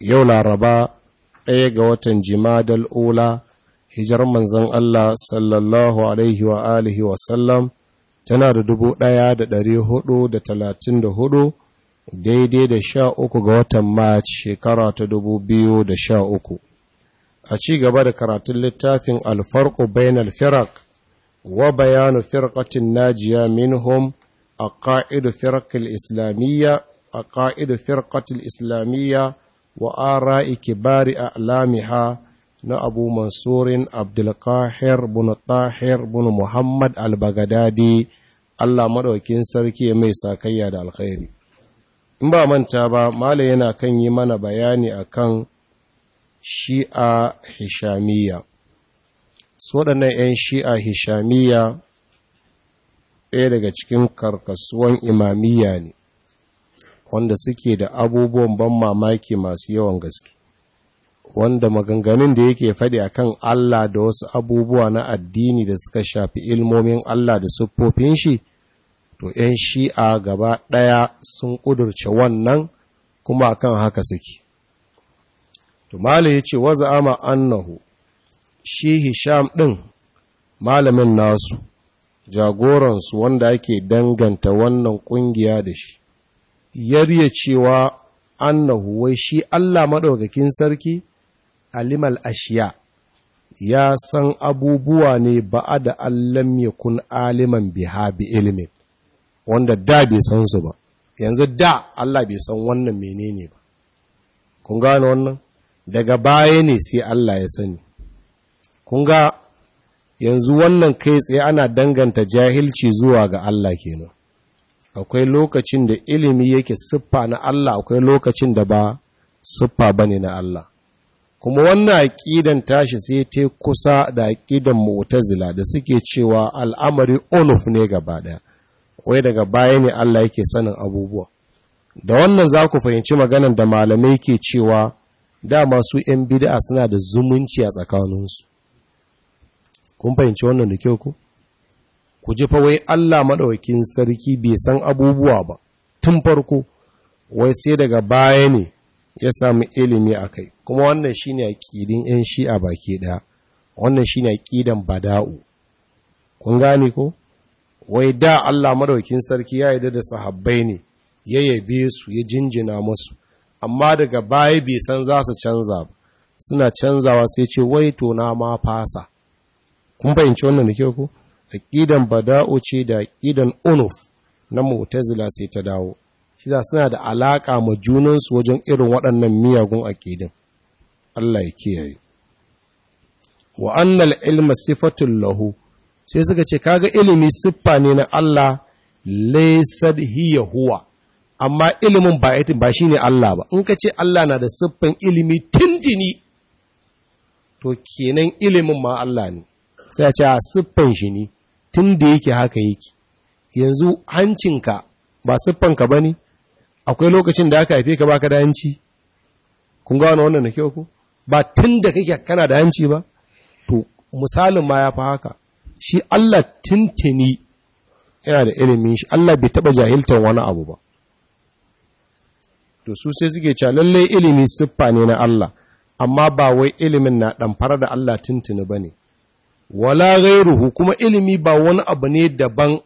yau laraba ɗaya ga watan jimadal ula hijar Manzon Allah sallallahu alaihi wa alihi sallam tana da dubu ɗaya da ɗari hudu da talatin da hudu daidai da sha uku ga watan mac shekara ta dubu biyu da sha uku a ci gaba da karatun littafin alfarko bainal firak wa bayanu firkatin najiya minhum a ƙa'idu firkul islamiyya a ƙa'idu firkatul islamiyya wa ara'i kibari a'lamiha na Abu Mansurin Abdulkahir bin Tahir bin Muhammad al-Baghdadi Allah madaukin sarki mai sakayya da alkhairi in ba manta ba Malam yana kan yi mana bayani akan shi'a hishamiyya su waɗannan 'yan shi'a hishamiyya ɗaya daga cikin karkasuwan imamiyya ne wanda suke da abubuwan ban mamaki masu yawan gaske wanda maganganun da yake faɗi akan Allah da wasu abubuwa na addini da suka shafi ilmomin Allah da siffofin shi to 'yan shi'a gaba ɗaya sun ƙudurce wannan kuma kan haka suke to malai yace waza ama annahu shi Hisham ɗin malamin nasu jagoransu wanda ake danganta wannan ƙungiya da shi yariya cewa annahu wai shi Allah maɗaukakin sarki alimal ashiya ya san abubuwa ne ba da allam ya kun aliman biha bi ilimin wanda da bai san su ba yanzu da Allah bai san wannan menene ba kun gane wannan daga baya ne sai Allah ya sani kun ga yanzu wannan kai tsaye ana danganta jahilci zuwa ga Allah kenan akwai lokacin da ilimi yake siffa na Allah akwai lokacin da ba siffa ba ne na Allah kuma wannan aƙidan tashi sai ta kusa da aƙidan mu'tazila da suke cewa al'amari unuf ne gaba ɗaya wai daga baya ne Allah yake sanin abubuwa da wannan za ku fahimci maganar da malamai ke cewa dama su ‘yan bid'a suna da zumunci a tsakaninsu kun fahimci wannan da kyau ku? ku ji fa wai Allah maɗaukin sarki bai san abubuwa ba tun farko wai sai daga baya ne ya samu ilimi a kai kuma wannan shi ne 'yan shi'a baki ɗaya wannan shi ne bada'u kun gane ko wai da Allah maɗaukin sarki ya yarda da sahabbai ne ya yabe su ya jinjina musu amma daga baya bai san za su canza ba suna canzawa sai ce wai to na ma fasa kun fahimci wannan da kyau ko aqidan bada'u ce da aqidan unuf na mu'tazila sai ta dawo shi za suna da alaƙa ma junansu wajen irin waɗannan miyagun aƙidan Allah ya kiyaye wa annal ilma sifatun lahu sai suka ce kaga ilimi siffa ne na Allah laysad hiya huwa amma ilimin ba yatin ba shine Allah ba in ka ce Allah na da siffan ilimi tindini to kenan ilimin ma Allah ne sai a ce a siffan shi ne tun da yake haka yake yanzu hancinka ba siffanka ba ne akwai lokacin da aka haife ka ba ka da hanci kun ga wannan da kyau ku ba tun da kake kana da hanci ba to misalin ma ya fi haka shi Allah tuntuni yana da ilimin shi Allah bai taba jahiltar wani abu ba to su sai suke cewa lalle ilimi siffa ne na Allah amma ba wai ilimin na ɗamfara da Allah tuntuni bane wala ghairuhu kuma ilimi ba wani abu ne daban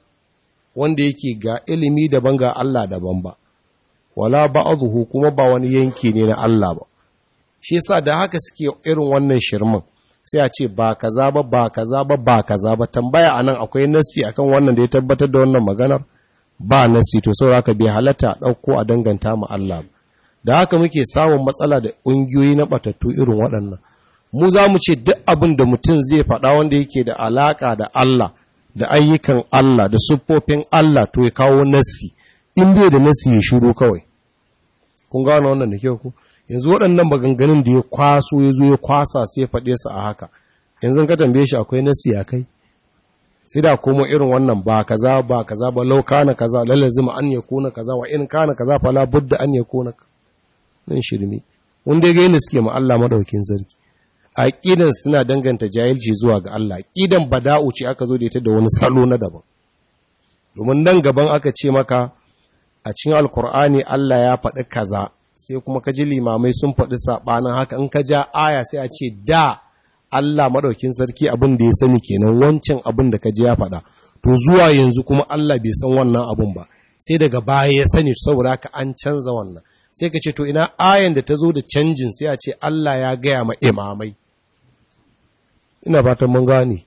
wanda yake ga ilimi daban ga Allah daban ba wala ba'dhu kuma ba wani yanki ne na Allah ba shi yasa da haka suke irin wannan shirman sai a ce ba kaza ba ba kaza ba ba kaza ba tambaya anan akwai a akan wannan da ya tabbatar da wannan maganar ba nasi to saboda haka bai halatta ɗauko a danganta mu Allah ba da haka muke samun matsala da ƙungiyoyi na batattu irin waɗannan mu za mu ce duk abin da mutum zai faɗa wanda yake da alaƙa da Allah da ayyukan Allah da siffofin Allah to ya kawo nasi in bai da nasi ya shiru kawai kun gano wannan da kyau ku yanzu waɗannan maganganun da ya kwaso ya zo ya kwasa sai ya faɗe su a haka yanzu ka tambaye shi akwai nasi a kai sai da komo irin wannan ba kaza ba kaza ba lau kana kaza zuma an ya kona kaza wa in kana kaza fala budda an ya kona nan shirme wanda ya ga yana suke ma Allah madaukin sarki Aƙidan suna danganta jahilci zuwa ga Allah aƙidan bada'u ce aka zo da ita da wani salo na daban domin nan gaban aka ce maka a cikin alkur'ani Allah ya faɗi kaza sai kuma ka ji limamai sun faɗi saɓanin haka in ka ja aya sai a ce da Allah maɗaukin sarki abin da ya sani kenan wancan abin da ka ji ya faɗa to zuwa yanzu kuma Allah bai san wannan abin ba sai daga baya ya sani saboda haka an canza wannan sai ka ce to ina ayan da ta zo da canjin sai a ce Allah ya gaya ma imamai ina fatan mun gane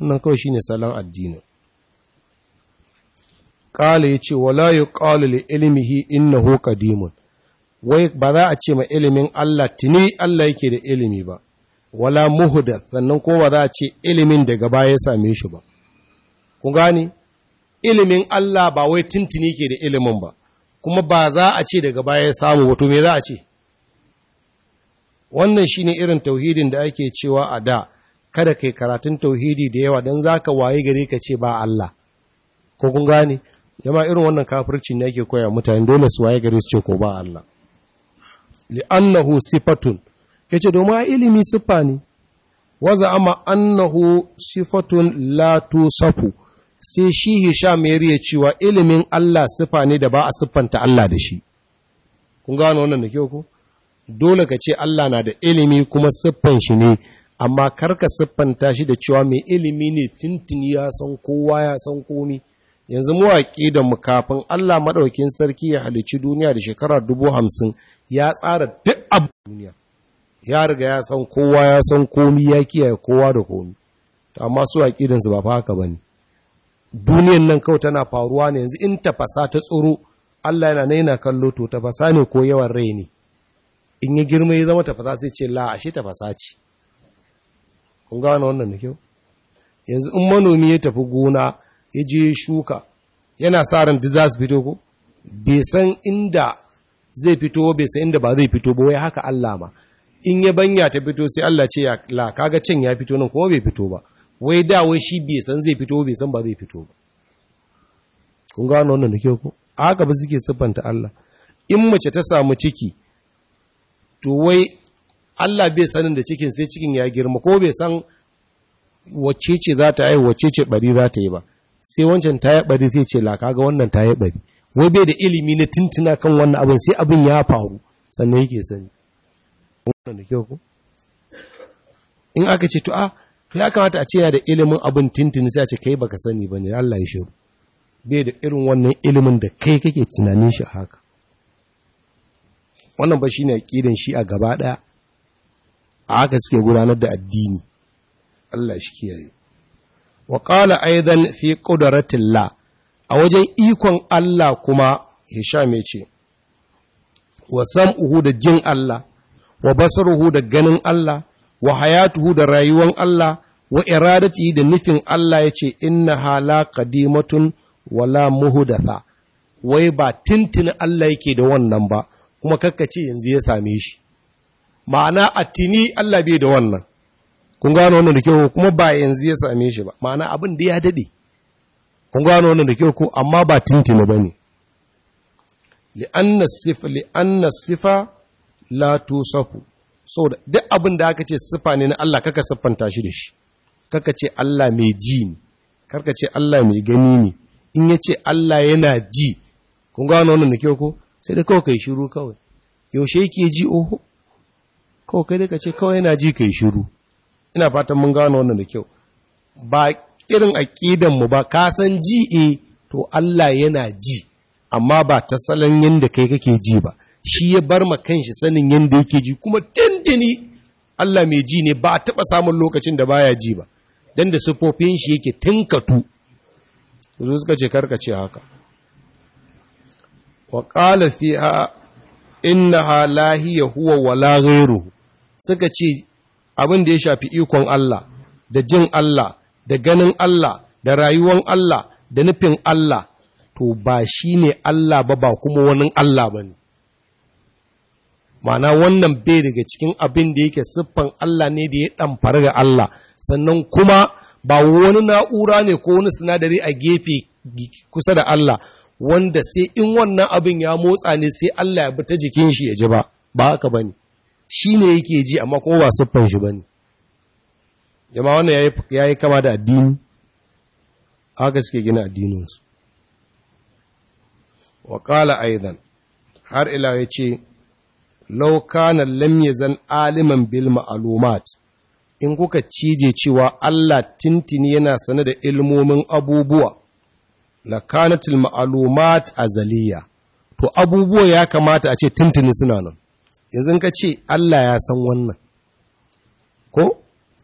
wannan kawai shine salon addini qala yace wala yuqalu li ilmihi innahu qadimun wai ba za a ce ma ilimin Allah tuni Allah yake da ilimi ba wala muhdath sannan ko ba za a ce ilimin daga baya ya same shi ba kun gane ilimin Allah ba wai tuntuni ke da ilimin ba kuma ba za a ce daga baya ya samu wato me za a ce wannan shine irin tauhidin da ake cewa a da kada kai karatun tauhidi da yawa don za ka waye gari ka ce ba Allah ko kun gane jama irin wannan kafirci ne yake koya mutane dole su waye gari su ce ko ba Allah annahu sifatun yace domin ilimi siffa ne waza ama annahu sifatun la safu, sai shi Hisham ya riya cewa ilimin Allah sifa ne da ba a siffanta Allah da shi kun gano wannan da kyau ko dole ka ce Allah na da ilimi kuma siffan shi ne amma karka siffanta shi da cewa mai ilimi ne tuntun ya san kowa ya san komi yanzu mu da mu kafin Allah maɗaukin sarki ya halici duniya da shekara dubu hamsin ya tsara duk abu duniya ya riga ya san kowa ya san komi ya kiyaye kowa da komi amma su su ba fa haka bane duniyan nan kawai tana faruwa ne yanzu in tafasa ta tsoro Allah yana nan yana kallo to tafasa ne ko yawan rai ne in ya girma ya zama tafasa sai ce la tafasa ce kun gano wannan da kyau yanzu in manomi ya tafi gona ya je shuka yana sa ran da za su fito ko bai san inda zai fito bai san inda ba zai fito ba wai haka Allah ma in ya banya ta fito sai Allah ce la kaga can ya fito nan kuma bai fito ba wai da wai shi bai san zai fito bai san ba zai fito ba kun gano wannan da kyau ko haka ba suke siffanta Allah in mace ta samu ciki to wai Allah bai sanin da cikin sai cikin ya girma ko bai san wacce ce za ta yi wacce ce bari za ta yi ba sai wancan ta yi bari sai ce laka ga wannan ta yi bari wai bai da ilimi na tintina kan wannan abin sai abin ya faru sannan yake sani wannan da kyau in aka ce to a ah, to ya kamata a ce yana da ilimin abin tuntuni sai a ce kai baka sani bane Allah ya shiru bai da irin wannan ilimin da kai kake tunanin shi haka wannan ba shine aqidan shi a gaba daya a haka suke gudanar da addini Allah shi kiyaye wa qala aidan fi qudratillah a wajen ikon Allah kuma Hisham ya ce wa sam'uhu da jin Allah wa basaruhu da ganin Allah wa hayatuhu da rayuwar Allah wa iradatihi da nufin Allah ya ce inna hala qadimatun wala muhdatha wai ba tintin Allah yake da wannan ba kuma kakkace yanzu ya same shi ma'ana a tini Allah bai da wannan kun gano wannan da kyau kuma ba yanzu ya same shi ba ma'ana abin da ya dade kun gano wannan da kyau ko amma ba tintini bane li'anna sifa li'anna sifa la tusafu saboda duk abin da aka ce sifa ne na Allah kaka siffanta shi da shi kaka ce Allah mai ji ne karka ce Allah mai gani ne in ya ce Allah yana ji kun gano wannan da kyau ko sai da kawai kai shiru kawai yaushe yake ji oho kawai kai da ka ce kawai yana ji kai shiru ina fatan mun gano wannan da kyau ba irin aqidan mu ba ka san ji e to Allah yana ji amma ba ta salon yanda kai kake ji ba shi ya bar ma kanshi sanin yanda yake ji kuma dindini Allah mai ji ne ba a taba samun lokacin da baya ji ba dan da sufofin shi yake tinkatu zo suka ce karkace haka wa qala fiha innaha la hiya huwa wa ghayruhu suka ce abin da ya shafi ikon Allah da jin Allah da ganin Allah da rayuwan Allah da nufin Allah to ba shi ne Allah ba ba kuma wani Allah ba ne mana wannan bai daga cikin abin da yake siffan Allah ne da ya ɗamfari ga Allah sannan kuma ba wani na'ura ne ko wani sinadari a gefe kusa da Allah wanda sai in wannan abin ya motsa ne sai Allah ya bi ta jikin shi ya ji ba ba haka ba ne shi ne yake ji amma kowa ba siffan shi ba ne jama wannan ya yi kama da addini haka suke gina addininsu Wakala ƙala aidan har ila ya ce laukana lamye zan aliman bil ma'alumat in kuka cije cewa Allah tintini yana sane da ilmomin abubuwa lakanatul ma'alumat a azaliya to abubuwa ya kamata a ce tintini suna nan yanzu ka ce Allah ya san wannan ko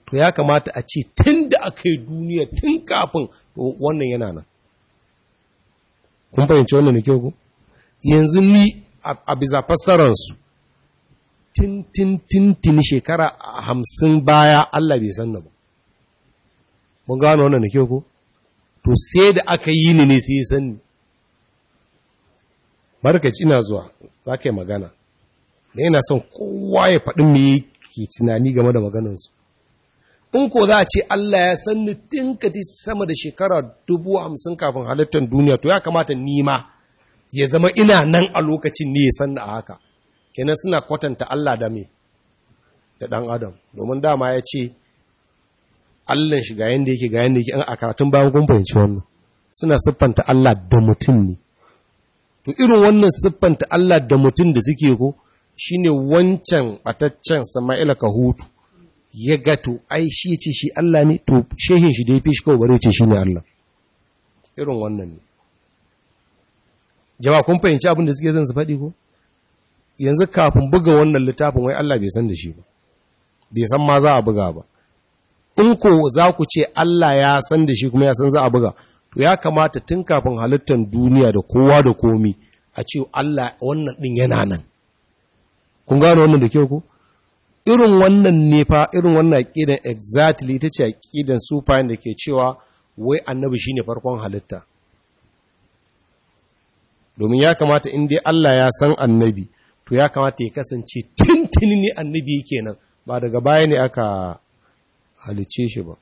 to ya kamata a ce tun da aka yi duniya tun kafin wannan yana nan kun fahimci wannan da kyau ku yanzu ni a bisa fassararsu tintin shekara hamsin baya Allah bai san na ba mun gano wannan da kyau ku to sai da aka yi ni ne sai ya san ni ina zuwa za ka yi magana da yana son kowa ya faɗin me yake tunani game da maganansu in ko za a ce Allah ya san ni tinkati sama da shekara dubu hamsin kafin halittar duniya to ya kamata nima ya zama ina nan a lokacin ne ya san a haka kenan suna kwatanta Allah da me da ɗan adam domin dama ya ce Allah shi ga yanda yake ga yanda yake a karatun bayan kun fahimci wannan suna siffanta Allah da mutum ne to irin wannan siffanta Allah da mutum da suke ko Shi ne wancan ɓataccen Sama'ila ka hutu. ya ga to ai shi ya ce shi Allah ne to shehin shi da ya fi shi kawai bare ce shi ne Allah irin wannan ne jama'a kun fahimci abin da suke zan su faɗi ko yanzu kafin buga wannan littafin wai Allah bai san da shi ba bai san ma za a buga ba in ko za ku ce Allah ya san da shi kuma ya san za a buga to ya kamata tun kafin halittar duniya da kowa da komi a ce Allah wannan din yana nan kun gano wannan da kyau ko irin wannan ne fa irin wannan aqidan exactly ta ce aqidan sufayin da ke cewa wai annabi shine farkon halitta domin ya kamata in dai Allah ya san annabi to ya kamata ya kasance tintini ne annabi kenan ba daga baya ne aka halice shi ba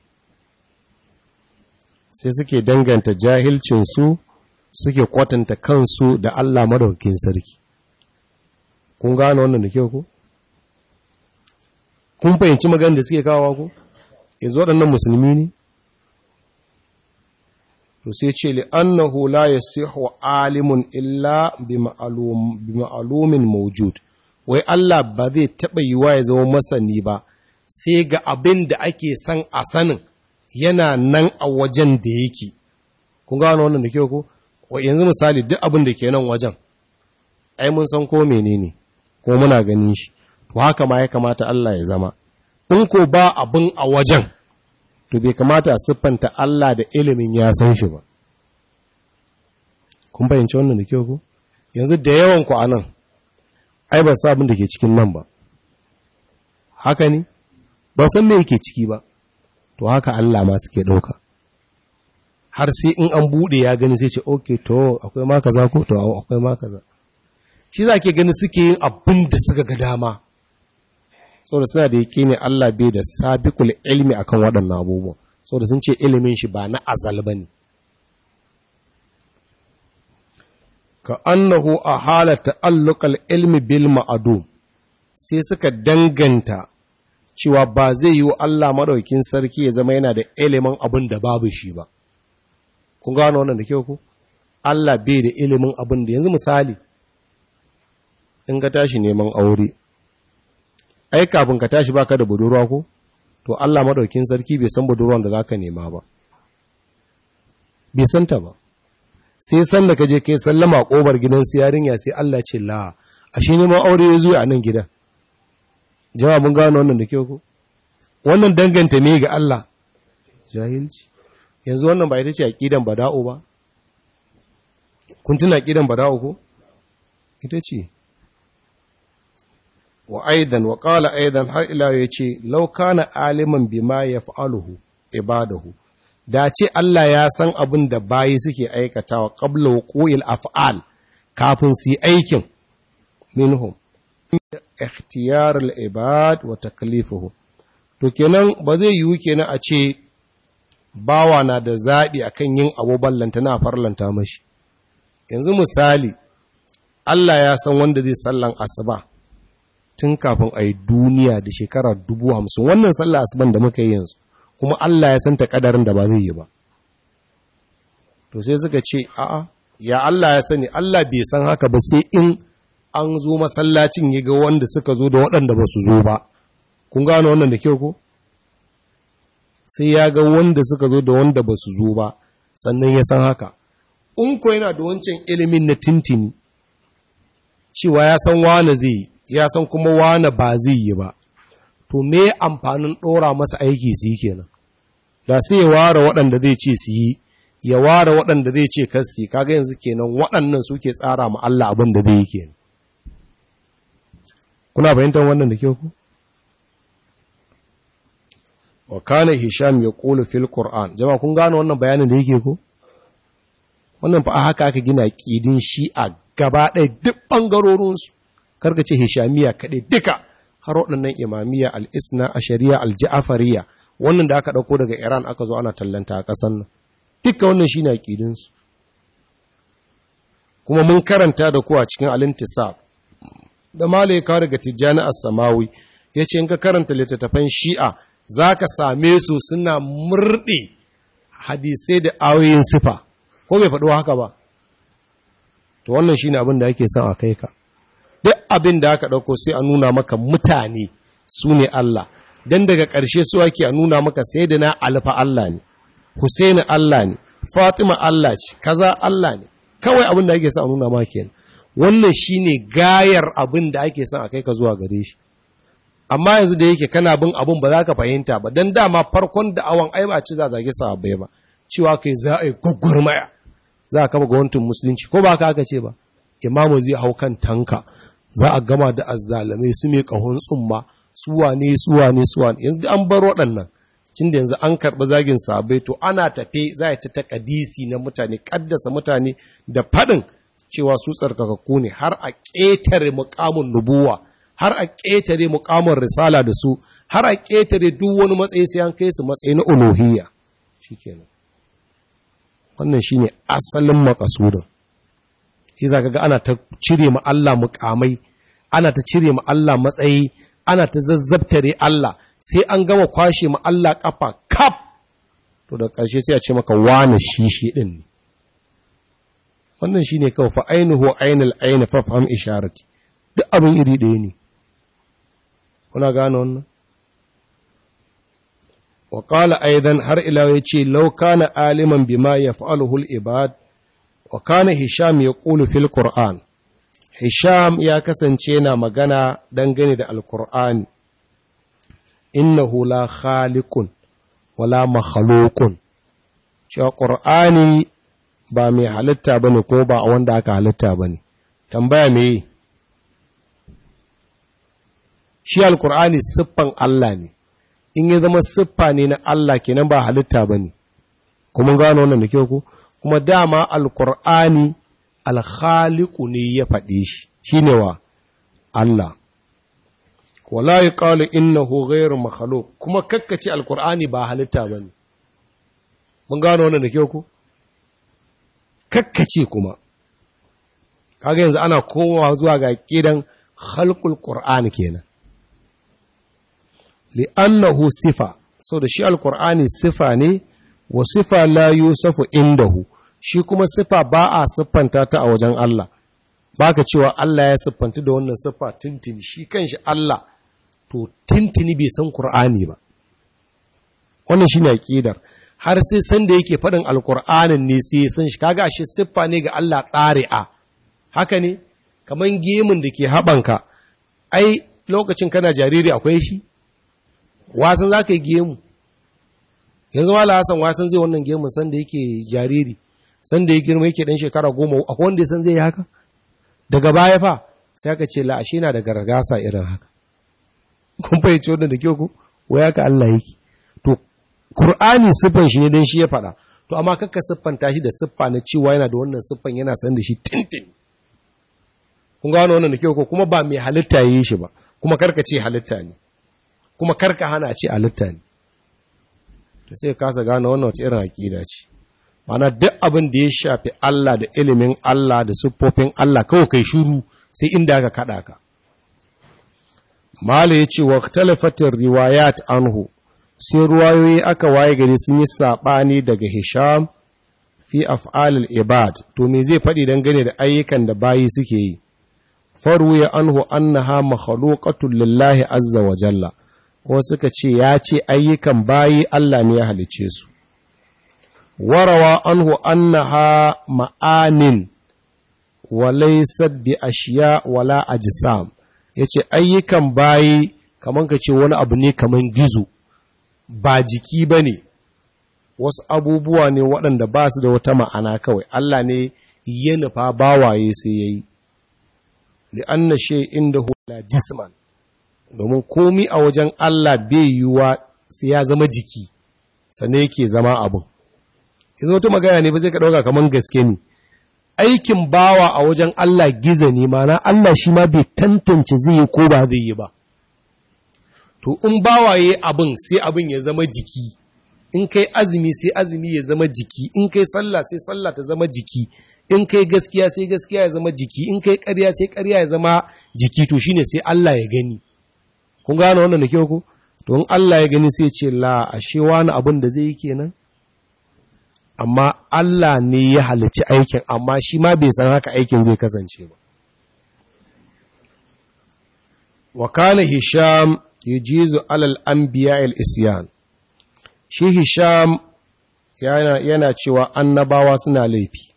sai suke danganta jahilcinsu suke kwatanta kansu da Allah madaukakin sarki kun gane wannan da ke ko kun fahimci magana da suke kawo ku? yanzu waɗannan musulmi ne to sai ce li annahu la yasihu alimun illa bi ma'alumin mawjud wai Allah ba zai taɓa yi wa ya zama masani ba sai ga abin da ake san a sanin yana nan a wajen da yake kun gano wannan da ku? ko yanzu misali duk abin da ke nan wajen ai mun san ko menene ko muna ganin shi to haka ma ya kamata Allah ya zama in ko ba abin a wajen to bai kamata a siffanta Allah da ilimin ya san shi ba kun fahimci wannan da kyau ko yanzu da yawan ku anan ai ba sabin da ke cikin nan ba haka ne ba san me yake ciki ba to haka Allah ma suke ɗauka. har sai in an bude ya gani sai ce okay to akwai ma kaza ko to akwai ma kaza shi za ke gani suke yin abin da suka ga dama saboda suna da yake ne Allah bai da sabiqul ilmi akan waɗannan abubuwan saboda sun ce ilimin shi ba na azal ne. ka annahu a halata allukal ilmi bil ma'adu sai suka danganta cewa ba zai yi wa Allah maɗaukin sarki ya zama yana da ilimin abin da babu shi ba. Kun gano wannan da kyau ku? Allah bai da ilimin abin da yanzu misali, in ka tashi neman aure ai kafin ka tashi baka da budurwa ko to Allah madaukin sarki bai san budurwan da zaka nema ba bai san ta ba sai san da kaje kai sallama kobar gidan su yarinya sai Allah ce la ashe neman aure ya zo a nan gidan jama'a mun gano wannan da kyau ko wannan danganta ne ga Allah jahilci yanzu wannan ba ita ce aqidan bada'u ba kun tuna aqidan bada'u ko ita ce wa aidan wa qala aidan har ila yace law kana aliman bima yaf'aluhu ibadahu da ce Allah ya san abin da bayi suke aikatawa qabla wuqu'il af'al kafin su yi aikin minhum ikhtiyar al-ibad wa taklifuhu to kenan ba zai yiwu kenan a ce bawa na da zaɓi akan yin abu ballanta na farlanta mashi yanzu misali Allah ya san wanda zai sallan asuba tun kafin a yi duniya da shekara dubu hamsin wannan sallah asuban da muka yi yanzu kuma Allah ya santa kadarin da ba zai yi ba to sai suka ce a'a ya Allah ya sani Allah bai san haka ba sai in an zo masallacin ya ga wanda suka zo da waɗanda ba su zo ba kun gano wannan da kyau ko sai ya ga wanda suka zo da wanda ba su zo ba sannan ya san haka in ko yana da wancan ilimin na tintini cewa ya san wane zai ya san kuma wane ba zai yi ba to me amfanin ɗora masa aiki su yi kenan da sai ya ware waɗanda zai ce su yi ya ware waɗanda zai ce kar su yi kaga yanzu kenan waɗannan suke tsara ma Allah abin da zai yi kenan kuna fahimtar wannan da kyau ku wa kana hisham ya ƙulu fil ƙur'an. jama'a kun gano wannan bayanin da yake ku? wannan fa haka aka gina ƙidin shi a gaba ɗaya duk ɓangarorinsu. karka ce hishamiya kaɗai duka har waɗannan imamiya alisna a shari'a al wannan da aka ɗauko daga iran aka zo ana tallanta a ƙasan nan duka wannan shi ne aƙidinsu kuma mun karanta da kuwa cikin alintisa da kawo daga tijjani a samawi ya ce in ka karanta littattafan shi'a za ka same su suna murɗe hadisai da ayoyin sifa ko bai faɗo haka ba to wannan shi ne abin da ake son a kai ka duk abin da aka ɗauko sai a nuna maka mutane su ne Allah don daga ƙarshe su ake a nuna maka sai da na alfa Allah ne Hussein Allah ne Fatima Allah ce kaza Allah ne kawai abin da ake sa a nuna maka kenan wannan shi ne gayar abin da ake sa a kai ka zuwa gare shi amma yanzu da yake kana bin abin ba za ka fahimta ba don dama farkon da awon ai ba ci za a zage sa ba cewa kai za a yi maya? za a kafa gwamnatin musulunci ko ba ka aka ce ba imamu zai hau kan tanka za a gama da azzalamai su ne kahon tsumma ne suwa ne yanzu an bar waɗannan cin da yanzu an karɓi zagin sabai to ana tafe za a ta takadisi na mutane ƙaddasa mutane da faɗin cewa su tsarkakakku ne har a ƙetare muƙamun nubuwa har a ƙetare muƙamun risala da su har a ƙetare duk wani matsayi sai an kai su matsayi na uluhiyya shikenan wannan shine asalin makasudin ka ga ana ta cire ma Allah mukamai ana ta cire ma Allah matsayi ana ta zazzabtare Allah sai an gama kwashe ma Allah kafa kaf to da ƙarshe sai a ce maka wane shi shi din ne wannan shine kawai fa ainuhu ainul ain fa isharati duk abin iri ɗaya ne kuna gane wannan wa aidan har ila yace law kana aliman bima yaf'aluhu al ibad wa kana hisham ya ƙulu fil qur'an hisham ya kasance na magana dangane da alqur'ani innahu la khaliqun wala makhluqun cewa qur'ani ba mai halitta bane ko ba wanda aka halitta bane tambaya me shi alqur'ani siffan Allah ne in ya zama siffa ne na Allah kenan ba halitta bane kuma gano wannan da kyau ko kuma dama alkur'ani alkhaliku ne ya faɗe shi ne wa Allah wala yuqalu innahu ghayru makhalo. kuma kakkace alkur'ani ba halitta ba ne. mun gano wannan da ke ku kakkace kuma kaga yanzu ana kowa zuwa ga ƙidan khalqul ƙur'ani kenan li'annahu sifa so da shi Alƙur'ani sifa ne wa sifa la yusafu indahu shi kuma sifa ba a siffanta ta a wajen Allah baka cewa Allah ya siffanta da wannan siffa tintini shi kanshi Allah to tintini bai san Kur'ani ba wannan shine aqidar har sai san da yake faɗin alkur'anin ne sai san shi kaga shi siffa ne ga Allah tsari'a haka ne kaman gemun da ke haɓanka ai lokacin kana jariri akwai shi wasan za ka yi gemu yanzu wala hasan wa san zai wannan gemun san da yake jariri san da ya girma yake dan shekara goma a wanda ya san zai yi haka daga baya fa sai aka ce la ashe na da gargasa irin haka kun fahimci wannan da kyau ko waya ka Allah yake to Qur'ani siffan shi ne dan shi ya faɗa to amma kakka siffan tashi da siffa na cewa yana da wannan siffan yana san da shi tintin kun gano wannan da kyau ko kuma ba mai halitta yi shi ba kuma karka ce halitta ne kuma karka hana ce halitta ne sai kasa gane wannan wata irin aƙida ce mana duk abin da ya shafi Allah da ilimin Allah da siffofin Allah kawai kai shuru sai inda aka kaɗa ka mala ya wa riwaya riwayat anhu sai ruwayoyi aka waye gari sun yi sabani daga Hisham fi af'alil ibad to me zai faɗi dangane da ayyukan da bayi suke yi ya anhu annaha makhluqatun lillahi azza wa jalla wasu suka ce ya ce ayyukan bayi Allah ne ya halice su warawa an anhu annaha ma'anin walaysat bi ashiya wala Ya ce ayyukan bayi kamar ka ce wani abu ne kaman gizo ba jiki ba ne wasu abubuwa ne waɗanda ba su da wata ma'ana kawai Allah ne ya nufa bawaye sai yayi yi. Li'an na da inda hula jisman domin komi a wajen Allah bai yiwuwa sai ya zama jiki sannan yake zama abin yanzu wata magana ne ba zai ka ɗauka kamar gaske ne aikin bawa a wajen Allah giza ne mana Allah shi ma bai tantance zai yi ko ba zai yi ba to in bawa ya abin sai abin ya zama jiki in kai azumi sai azumi ya zama jiki in kai sallah sai sallah ta zama jiki in kai gaskiya sai gaskiya ya zama jiki in kai ƙarya sai ƙarya ya zama jiki to shine sai Allah ya gani kun gane wannan da ke ku don Allah ya gani sai ce la ashe wani abin da zai yi kenan amma Allah ne ya halicci aikin amma shi ma bai san haka aikin zai kasance ba wa kana hisham yujizu alal anbiya al isyan shi hisham yana yana cewa annabawa suna laifi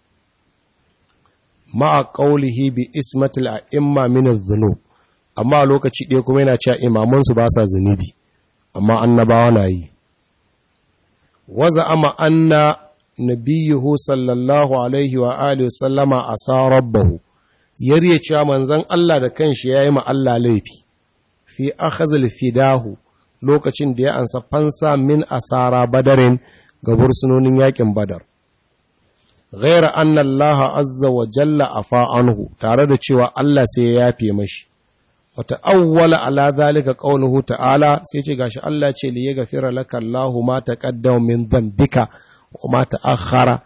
ma'a qawlihi bi ismatil a'imma min adh-dhunub amma a lokaci ɗaya kuma yana cewa imamansu ba sa zunubi amma annabawa na yi waza ama anna nabiyuhu sallallahu alaihi wa alihi sallama asa rabbahu yarye cewa manzon Allah da kanshi yayi ma Allah laifi fi akhazal fidahu lokacin da ya ansa fansa min asara badarin ga bursunonin yakin badar ghaira anna Allah azza wa jalla afa anhu tare da cewa Allah sai ya yafe mashi wata awwala ala zalika qawluhu ta'ala sai ce gashi Allah ce li yaghfira laka Allahu ma taqaddama min dhanbika wa ma ta'akhkhara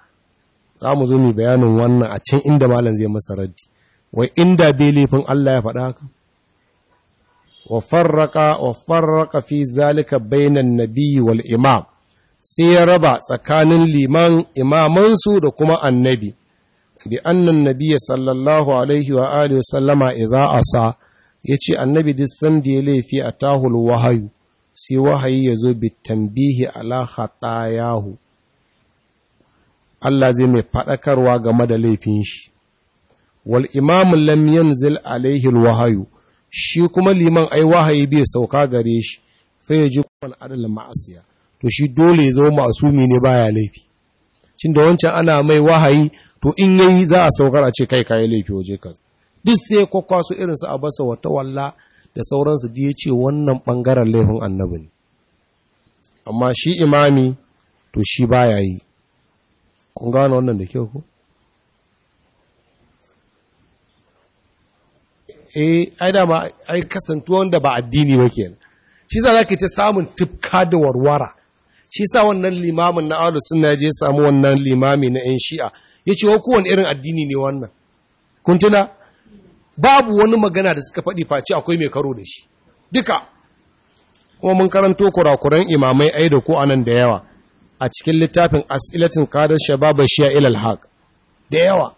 za zo mu bayanin wannan a can inda malam zai masa raddi wai inda be laifin Allah ya faɗa haka wa farraqa wa farraqa fi zalika bainan nabiyyi wal imam sai ya raba tsakanin liman imamansu da kuma annabi bi annan nabiyyi sallallahu alaihi wa alihi wa sallama idza asa ya ce annabi duk san da ya laifi a tahul wahayu sai wahayi ya zo bitambihi ala yahu. Allah zai mai faɗakarwa game da laifin shi wal imam lam yanzil alaihi wahayu shi kuma liman ai wahayi bai sauka gare shi sai ya ji kwan adal ma'asiya to shi dole ya zama masumi ne baya laifi cin da wancan ana mai wahayi to in yayi za a saukar a ce kai kai laifi waje kaza duk sai kwakwaso irinsu a basa wata walla da sauransu da ya ce wannan ɓangaren laifin annabi ne amma shi imami to shi ba ya yi kun gano wannan da kyau ku eh ai dama ai kasantuwa wanda ba addini ba ke. shi za ka ta samun tufka da warwara shi sa wannan limamin na sun na je samu wannan limami na yan shi'a ce wa kowane irin addini ne wannan kun tuna babu wani magana da suka faɗi face akwai mai karo da shi duka kuma mun karanto kurakuran imamai ai da ko anan da yawa a cikin littafin as'ilatin qadar shabab shi'a ila da yawa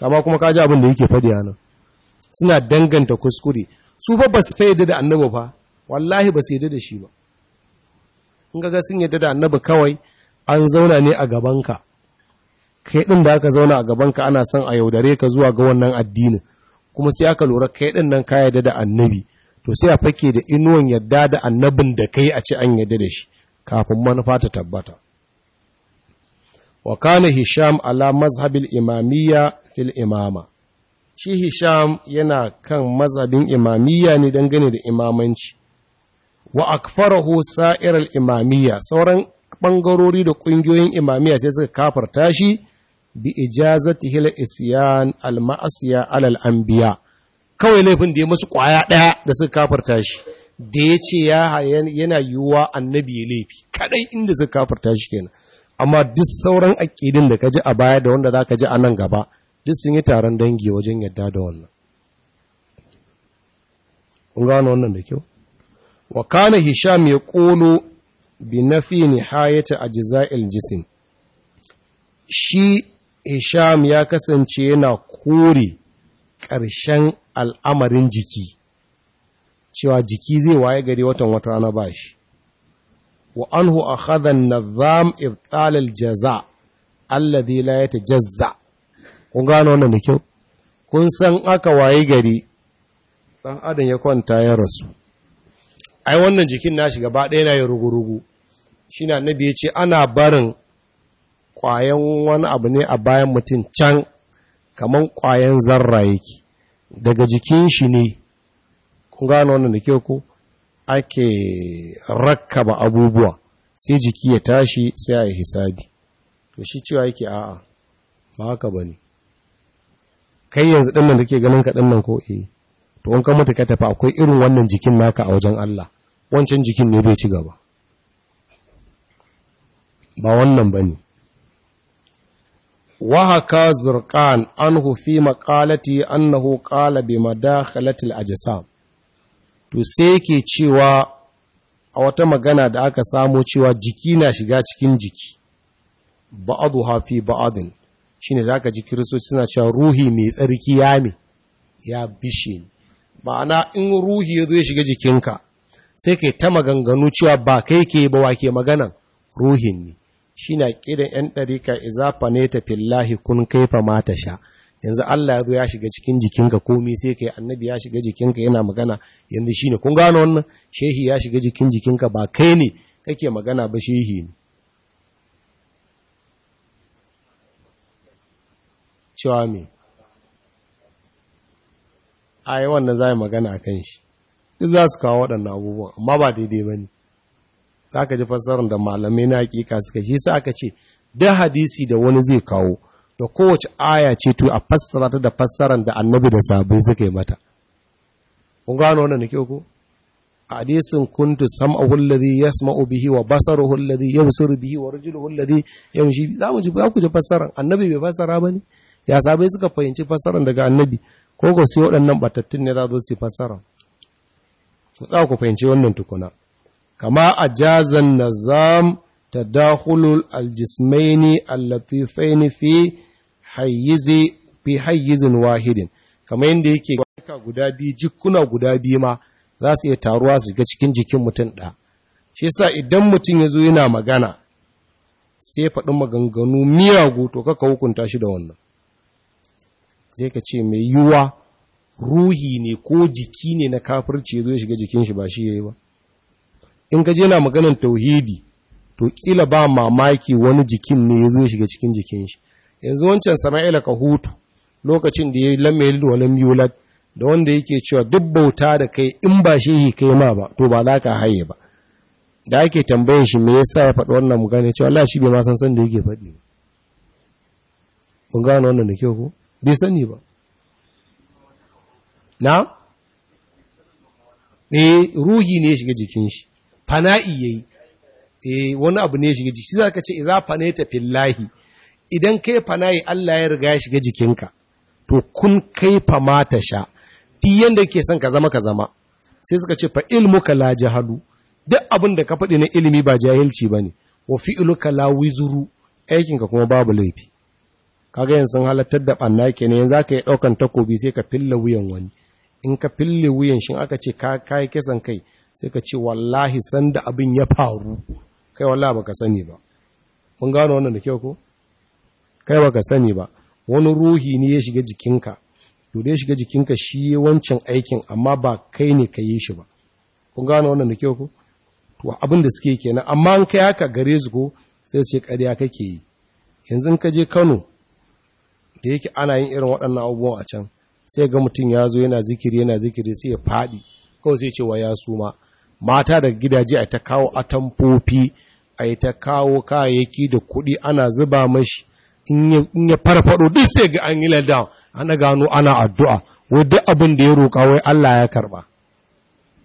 amma kuma kaji abin da yake faɗi anan suna danganta kuskure su fa basu faida da annabi fa wallahi ba su yadda da shi ba in ga sun yadda da annabi kawai an zauna ne a gabanka kai ɗin da aka zauna a gabanka ana son a yaudare ka zuwa ga wannan addinin kuma sai aka lura kai din nan ka yarda da annabi to sai a fake da inuwan yarda da annabin da kai a ci an yarda da shi kafin manufa ta tabbata wa kana hisham ala mazhabil imamiyya fil imama shi hisham yana kan mazhabin imamiyya ne dangane da imamanci wa akfarahu sa'ir al imamiyya sauran bangarori da kungiyoyin imamiyya sai suka kafarta shi bi ijazati hila isyan al ma'asiya alal anbiya kawai laifin da ya masu kwaya ɗaya da suka kafarta shi da ya ce yana yiwuwa annabi ya laifi kadai inda suka kafarta shi kenan amma duk sauran aƙidin da ka ji a baya da wanda za ka ji a nan gaba duk sun yi taron dangi wajen yadda da wannan kun gano wannan da kyau wa kana hisham ya ƙolo bi nafi nihayata ajza'il jism shi isham ya kasance yana kore ƙarshen al'amarin jiki cewa jiki zai waye gari watan wata rana ba shi wa anhu a haɗar na zam al-jaza laye ta jaza, kun gano wannan da kyau kun san aka waye gari dan adam ya kwanta ya rasu ai wannan jikin nashi ba ɗaya yana rugurugu nabi ya ce ana barin Kwayan wani abu ne a bayan mutum can kamar kwayan zarra yake daga jikin shi ne kun gano wannan da ke ku ake rakkaba abubuwa sai jiki ya tashi sai a yi hisabi to shi cewa yake a'a ba haka ba ne kai yanzu ɗin nan da ke ganin kaɗin nan ko Eh. to in ka mutu ka tafi akwai irin wannan jikin naka a wajen Allah wancan jikin ne bai ci gaba ba wannan ba ne وهكا زرقان أنه في مقالتي أنه قال بمداخلة الأجسام to sai yake cewa a wata magana da aka samo cewa jiki na shiga cikin jiki ba'adu hafi ba'adin shine zaka ji kiristoci suna cewa ruhi mai tsarki ya me ya bishe ma'ana in ruhi ya ya shiga jikinka sai kai ta maganganu cewa ba kai ke ba wake maganan ruhin ne shi na ƙirin 'yan ɗarika fa ne ta fillahi kun kaifa mata sha yanzu Allah ya zo ya shiga cikin jikinka komi sai kai annabi ya shiga jikinka yana magana yanzu ne. kun gano wannan shehi ya shiga jikin jikinka ba kai ne kake magana ba shehi ne cewa me yi wannan zai magana akan shi duk za su kawo waɗannan abubuwan amma ba daidai ba ne. za ka ji fassarar da malamai na hakika suka shi sa aka ce da hadisi da wani zai kawo da kowace aya ce to a fassara ta da fassarar da annabi da sabai suka yi mata kun gano wannan nake ko hadisin kuntu sam'ahu alladhi yasma'u bihi wa basaruhu alladhi yabsuru bihi wa rajuluhu alladhi yamshi za mu ji za ku ji fassarar annabi bai fassara bane ya sabai suka fahimci fassarar daga annabi ko ko sai waɗannan batattun ne za su fassara ku za ku fahimci wannan tukuna kama a jazan nazam ta dakulul aljismaini allatifaini fi hayyizi fi hayyizin wahidin kama yadda yake ka guda biyu jikuna guda biyu ma za su iya taruwa su ga cikin jikin mutum ɗa shi sa idan mutum ya zo yana magana sai faɗin maganganu miyagu to kaka hukunta shi da wannan sai ka ce mai yiwuwa ruhi ne ko jiki ne na kafirci ya zo ya shiga jikin shi ba shi ya yi ba in ka je na maganar tauhidi to kila ba mamaki wani jikin ne ya zo shiga cikin jikin shi yanzu wancan sama'ila ka hutu lokacin da ya yi lamayil da wani miyulat da wanda yake cewa duk bauta da kai in ba yi kai ma ba to ba za ka haye ba da ake tambayin shi me yasa ya faɗi wannan magana cewa Allah shi bai ma san san da yake faɗi Kun gano wannan da kyau ko bai sani ba na eh ruhi ne ya shiga jikin shi fana'i yayi eh wani abu ne shiga jiki ka ce idza fanaita fillahi idan kai fana'i Allah ya riga ya shiga jikinka to kun kai fa ta sha ti yanda ke son ka zama ka zama sai suka ce fa ilmuka la jahalu duk abin da ka faɗi na ilimi ba jahilci bane wa fi'luka la wizru aikinka kuma babu laifi kaga yanzu sun halattar da banna kenan yanzu zaka yi ɗaukan takobi sai ka fille wuyan wani in ka fille wuyan shin aka ce ka kai kisan kai sai ka ce wallahi sanda abin ya faru kai wallahi baka sani ba mun gano wannan da kyau ko kai baka sani ba wani ruhi ne ya shiga jikinka to da ya shiga jikinka shi wancan aikin amma ba kai ne ka yi shi ba kun gano wannan da kyau ko to abin da suke kenan amma an kai haka gare su ko sai su ƙarya kake yi yanzu in ka je Kano da yake ana yin irin waɗannan abubuwan a can sai ga mutum ya zo yana zikiri yana zikiri sai ya faɗi kawai sai ce wa ya suma mata daga gidaje a ta kawo atamfofi a ta kawo kayayyaki da kuɗi ana zuba mashi in ya farfado duk sai ga an yi ladawa ana gano ana addu'a wai duk abin da ya roƙa wai Allah ya karɓa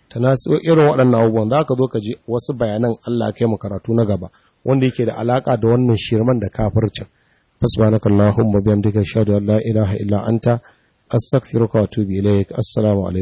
tana irin waɗannan abubuwan za ka zo ka je wasu bayanan Allah kai makaratu na gaba wanda yake da alaƙa da wannan shirman da kafircin fasbanakallahumma bihamdika ashhadu an la ilaha illa anta astaghfiruka wa tubi ilaik assalamu